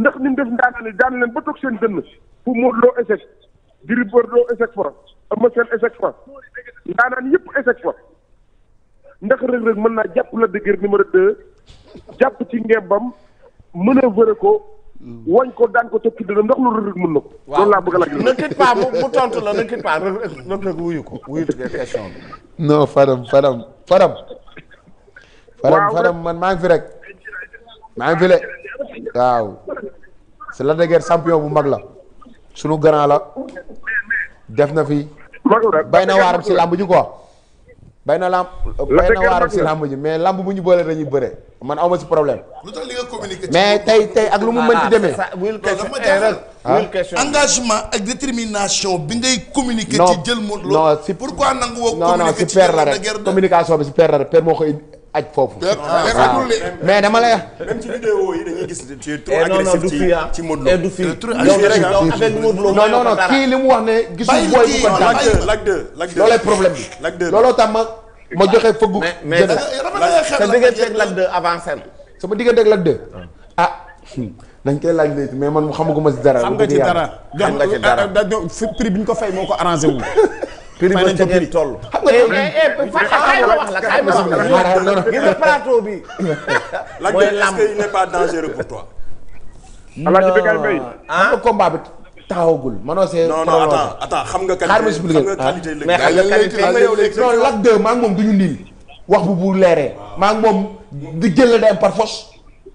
ndax ni mu def ndaanaan yi daan leen ba toog seen dënn fu Modou Lo échec Gris Bordeaux échec fa Eumeu Sène échec fa ndaanaan yëpp échec fa ndax Reug Reug mën naa jàpp la dëgër numéro deux jàpp ci ngembam mën a wëre ko wañ ko daan ko tokki dënam ndax loolu Reug Reug mën na ko loolu laa bëgg a laaj ne quitte mu tontu la ne quitte pas Reug Reug Reug wuyu ko wuyu question bi non Fadam Fadam Fadam Fadam Fadam man maa fi rek maa fi rek waaw si la dëgër champion bu mag la sunu grand la def na fi. bay na waaram si làmb ji a bay na làmb bay na waaram si làmb ji mais làmb bu ñu boole dañuy bëre man awma si problème. lu tax li nga mais tey tey ak lu mu mënti ah, demee. Eh, ah? engagement ak détermination bi ngay communiqué. ci jël Modou Lô. non non si pourquoi la rek communication bi si père la rek père moo koy aj foofu. mais dama lay. même ci vidéo yi dañuy gis tu es trop eh, agressif ci ah. ci Modou Lo. Eh, du fi non non non kii li mu wax ne. gisul booy bu ko daan lag de lag de loolay problème bi. looloo tax ma ma ah. joxe fëggu. mais mais eh, sa digganteeg lag de avancé na. sama digganteeg lag de ah. ah. dañ koy laaj léegi mais man xamaguma si dara. xam nga ci dara xam nga ci dara prix bi ñu ko fay moo ko arrangé wu. prix ba ca ngeen xam nga wax la kaay ma la gis nga plateau bi. mooy lamb est-ce qu'il n'est taxawagul manoo see. non non xam nga. qualité xaaral ma expliqué wax bu bu leeree. maa ngi moom di jël la dem par force.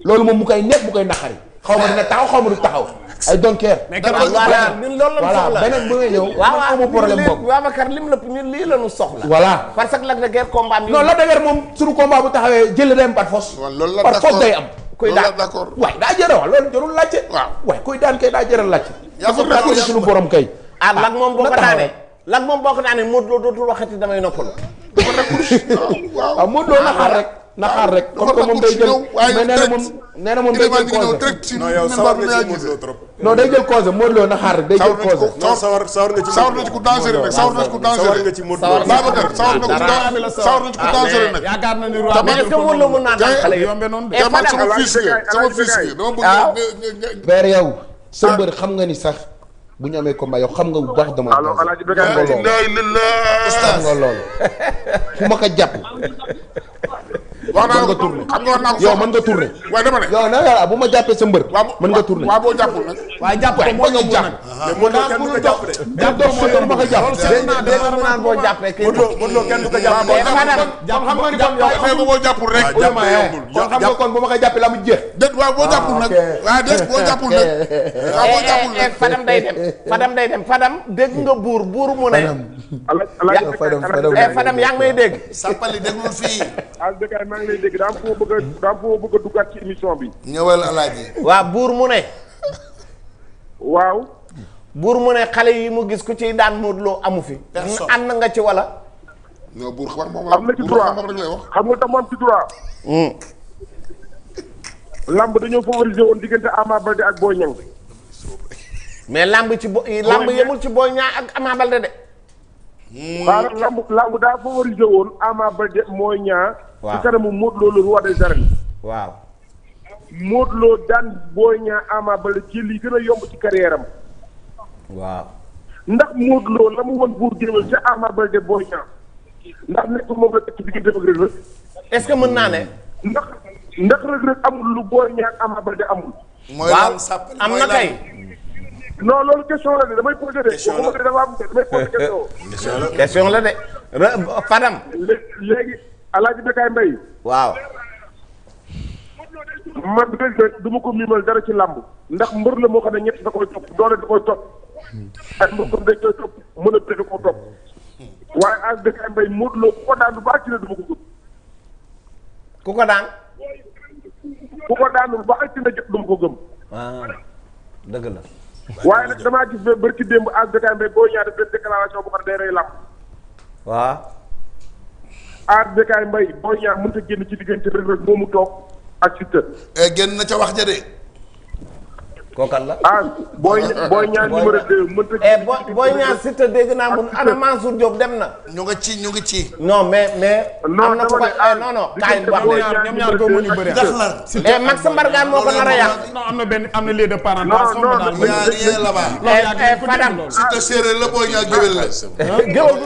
loolu moom mu koy neex mu koy naqari. xaw ma dina taxaw xaw ma du taxaw. I don't care. mais ñun loolu la ñu soxla voilà beneen bi nga ñëw. waaw waaw problème boobu Babacar lim la ñun lii la ñu soxla. voilà parce que Lac de Guiers combat am. non Lac de Guiers moom suñu combat bu taxawee jël day am par force. waaw loolu la par force day am. kuy daan d'accord waaye daa jëra wax loolu jarul laajte. waaw waaye kuy daan kay daa jëral laajte. yaa ko rafetlu suñu borom kay. Ah, ah Lac moom boo ko daanee. Lac moom boo ko daanee Modou Lo dootul waxati damay noppalu. dafa rafetlu waaw waaw Modou Lo na xaar rek na xaar rek. comme que moom day jël mais nee na moom nee na moom day jël congé. non yow sawar nga ci Modou Lo trop. non day jël congé Modou Lo na xaar rek day jël congé. non sawar sawar nga ci sawar nga ci ku dangereux nag sawar nga ci ku dangereux. sawar nga ci ku dangereux nag. yaakaar na ni roi mais est-ce que Modou Lo mën naa daan xale yi yombe noonu. et eh, man sama fils nga sama fils nga dama bëgg. ah père yow sa ah. mbër xam nga ni sax. bu ñu amee combat yow xam nga bu baax dama. xam nga loolu xam nga loolu fu ma ko jàpp wax naa nga tourné xam nga wax naa ko yow mën nga tourné sa mbër mën nga tourné waaw boo jàppul nag waaye jàpp ko moo ñëw jàpp ma ko jàpp dégg nga mu naan jàpp boo jàpp xam nga ni kon yow xëy bu boo jàppul rek jàpp yombul ko jàppee la mu jeex déet waaw boo jàppul nag ah, waaw déet boo jàppul nag waaw boo jàppul nag eh, eh, eh, fadam day dem fadam day dem fadam dégg nga buur buur mu ne fadam fadam yaa may dégg sappali déglul Al Bécaye maa ngi lay dégg daa foo bëgg a daa foo bëgg a duggaat ci émission bi. ñëwal alaaji. waaw buur mu ne. waaw. buur mu ne xale yi mu gis ku ciy daan Modou Lo amu fi. personne ànd nga ci wala. non buur xam nga am na ci droit xam nga tam am ci droit. Hmm. lamb dañoo favoriser woon diggante Ama Baldé ak Boy Niang. mais lamb ci bo lamb yemul ci Boy Niang ak Ama Baldé de. mu hmm. lamb lamb daa favorisé woon Ama Baldé mooy ñaa waaw ci kanamu Modou Lo le roi waaw. Modou Lo daan Boy Niang Ama Baldé ci li gën a ci carrière am. waaw. ndax Modou Lo la mu woon buur géwél ca Ama Baldé Boy Niang ndax nekk moom la tekki diggante ak Reug Reug. est-ce que mën naa ne. ndax ndax Reug Reug amul lu Boy Niang Ama Baldé amul. mooy lan sàpp am na kay. non loolu question la de damay posé de. question la damay posé question. la de Fadam. léegi Alaaji Bekaay Mbaye. waaw. man du ma ko miimal dara ci làmb ndax mbër la moo xam ne ñett da koy topp doole da koy topp. ak mbër comme dañ koo topp. waaye Alaaji Bekaay Mbaye Modou ku ko daan du baax ci ne du ma ko gudd. ku ko daan. ku ko daan ba àcc na jot du ko gëm. Ah, dëgg la. waaye nag damaa gis ba bërki démb ak Bécaye Mbaye boo ñaata benn déclaration bu xam ne day rey làmb. waaw. aar Bécaye Mbaye boo ñaar mënut a génn ci diggante Reug Reug moomu toog ak Siteu. Eh, génn na ca wax ja de. kookal la. ah booy booy ñaan numéro 2 mënta. Eh, booy booy ñaan si te dégg naa mun ana Mansour Diop dem na. ñu ngi ci ñu ngi ci. non mais mais. am na ko ko eh, ah, non non. kaay wax dëgg ñoom ñaar doo mën a bëri. surtout eh, moo ko nar a yàq. am na benn am na lieu de parenthèse. non non non la Fadam. Ah, si te séeréer la booy ñaar géwél la. Ah, géwél du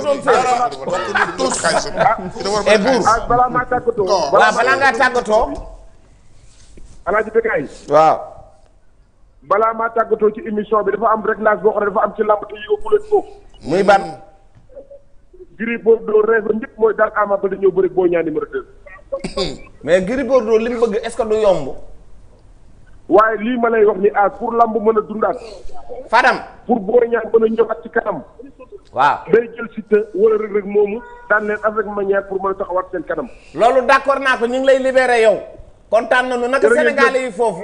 doon séeréer. et buur. waaw balaa ngaa tàggatoo. alaaji Bekaay. waaw. balaa maa tàggatoo ci émission bi dafa am réglage boo xam ne dafa am ci làmb te yóbbu leen foofu. muy ban. Gris Bordeaux rêve ñëpp mooy daal Ama Baldé ñëw bëri Boy Niang numéro 2. mais Gris doo li bëgg est-ce que du yomb. waaye lii ma lay wax ni ah pour làmb mën a dundaat. Fadam. pour Boy Niang mën a at ci kanam. waaw day jël Siteu wala Reug Reug moomu daan leen avec manière pour mën a taxawaat seen kanam. loolu d'accord naa ko ñu ngi lay libéré yow. kontaan nañu foofu.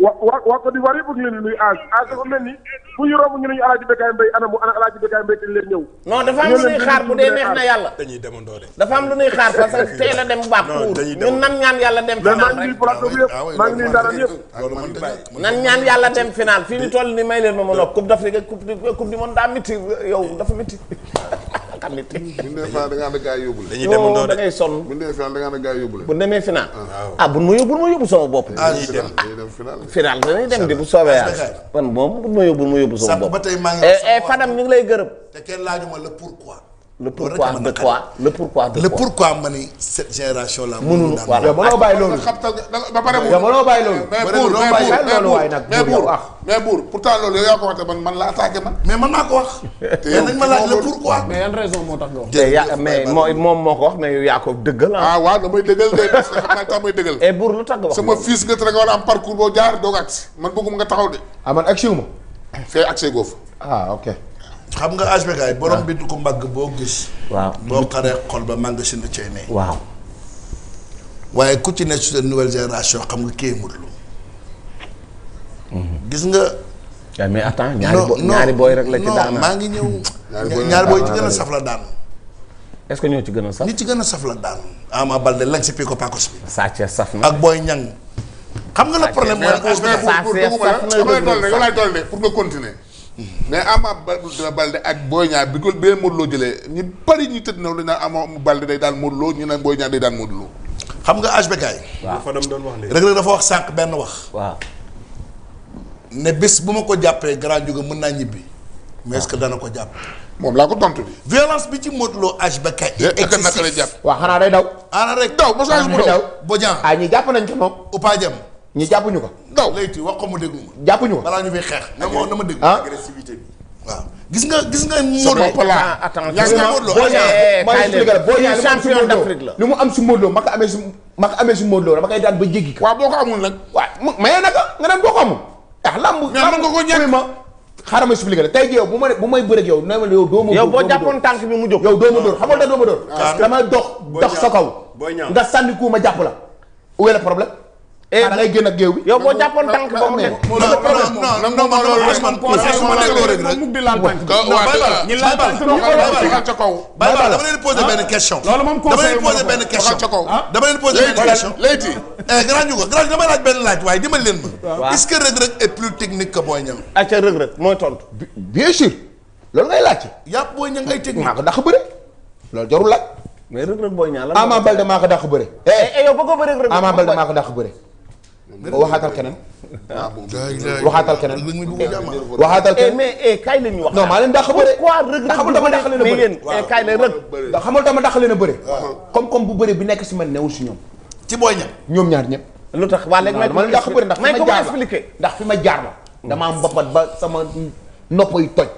wa wa waa Côte d'Ivoire yëpp a ngi di nuyu Aas ah, Aas ah, dafa mel ni bu ñu romb ñu ne ñu Alaaji Bécaye Mbaye ana mu ana Alaaji Bécaye Mbaye te leen ñëw. non na ah. yàlla. dañuy demandoo de. dafa am lu ñuy xaar parce que tey la dem bu baax. ñun nan ñaan yàlla dem final fii ñu toll ni may leen ma ma nopp coupe d'Afrique coupe du coupe du monde daa miti yow dafa miti tamit. mille francs da nga am gaa yóbbu la. dañuy dem da ngay sonn. mille francs da nga am gaa yóbbu la. bu demee final. ah, ah bu ma yóbbu ma yóbbu sama bopp. ah ñuy ah, dem final final dañuy dem di bu soobee yàlla. man moom bu ma yóbbu ma yóbbu sama bopp. sànq ba tey maa ngi. Eh, eh, fadam ñu ngi lay gërëm. te kenn laajuma la pourquoi. la pourquoi de quoi le pourquoi de quoi le pourquoi ma ni cette génération bàyyi loolu. ba pare mu mënoo bàyyi loolu. mais buur ah. mais buur pourtant loolu yaa ko wax te man man la attaqué man. mais man maa ko wax. ma laaj le pourquoi. mais yan raison moom moo ko wax mais yow yaa ko dëggal ah. ah waaw damay dëggal de parce que xam naa tax may dëggal. et buur lu tax nga wax sama fils nga te a am man bëgguma nga taxaw de. ah man ma. fee agsi goofu. ah ok. xam nga HBK yi borom bi du ko mbagg boo gis. waaw boo xaree xol ba màng si na cay ne. waaw. waaye ku ci ne su seen nouvelle génération xam nga kii Modou Lo gis nga. waaw mais attends ñaari booy rek la ci daan maa ngi ñëw. ñaari booy ci gën a saf la daan. est que ñoo ci gën a saf. ñi ci gën a saf la daan. Ama Balde lañ si piko pakos bi. Sathies saf na ak booy Niang. xam nga la problème mooy. Sathies saf pour pour pour mais am Ama Balde ak Boy ñaar bi ko bee Modou Lo jëlee ñu bari ñu tëdd na dañ naan Ama Balde day daan Modou Lo ñu ne Boy Niang day daan Modou Lo. xam nga HBK yi. waaw doon wax léegi. Reug Reug dafa wax sànq benn wax. waaw. ne bés bu ma ko jàppee grand jóge mën naa ñibbi. mais ce que dana ko jàpp. moom laa ko tontu bi violence bi ci Modou Lo HBK. excessif naka lay jàpp. waaw xanaa day daw. xanaa rek daw mosage mu daw. Bodian ah ñi jàpp nañ ko moom. Upa Jam. ñu jàppuñu ko. daw léegi wax ko mu déglu ma. jàppuñu ko balaa ñu xeex. na ma na ma déglu ah. agressivité bi waaw gis nga gis nga. Modou Lo gis nga Modou Lo champion d'Afrique la li mu am si Modou Lo ma ko amee si ma ko amee si Modou dama koy daan ba jéggi ko. waaw boo ko amul nag. waaw mu mayee naka nga dem boo ko amul. ndax ah, lamb lamb nga ko ñàkk ma xaaral ma expliqué la tey jii yow bu ma bu may bëreeg yow nee ma yow doo ma yow boo jàppoon tànk bi mu jóg yow ah. doo ma dóor xamal da doo ma dóor dama dox dox sa kaw nga sànni ku ma jàpp la où est le problème et da ngay génn ak géew bi. yow boo jàppoon tànk ba mu nekk. non non non non loolu rek man poche su ma nekkoo rek rek. ñu laal tànk ñu laal ca kaw. bay bal dama leen posé benn question. loolu moom conseil dama leen posé benn question. ca kaw dama leen posé benn question. léegi grand ñu ko grand dama laaj benn laaj waaye dimbali leen ma. est-ce que Reug Reug est plus technique que Boy Niang. acca Reug Reug mooy tontu. bien sûr loolu ngay laajte. yàpp Boy Niang ngay technique. maa ko dàq bëre loolu jarul laaj. mais Reug Reug Boy Niang la. Ama Baldé maa ko dàq bëre. eh yow bëggoo bëre Reug Reug. Ama Baldé maa ko dàq bëre waxaatal keneen. waxaatal keneen. waxaatal keneen. Eh, mais eh, kaay la ñuy wax. non maa leen dàq bëre. pourquoi rëgg xamul dama dàq leen a bëre. Eh, kaay la rëgg. xamul dama dàq leen a bëre. comme comme bu bëre bi nekk si man newul si ñoom. ci booy ñam ñoom ñaar ñëpp. lu tax waa léegi ma leen dàq bëre ndax fi ma jaar la ndax fi ma jaar la. damaa mbapat ba sama nopp yi toj.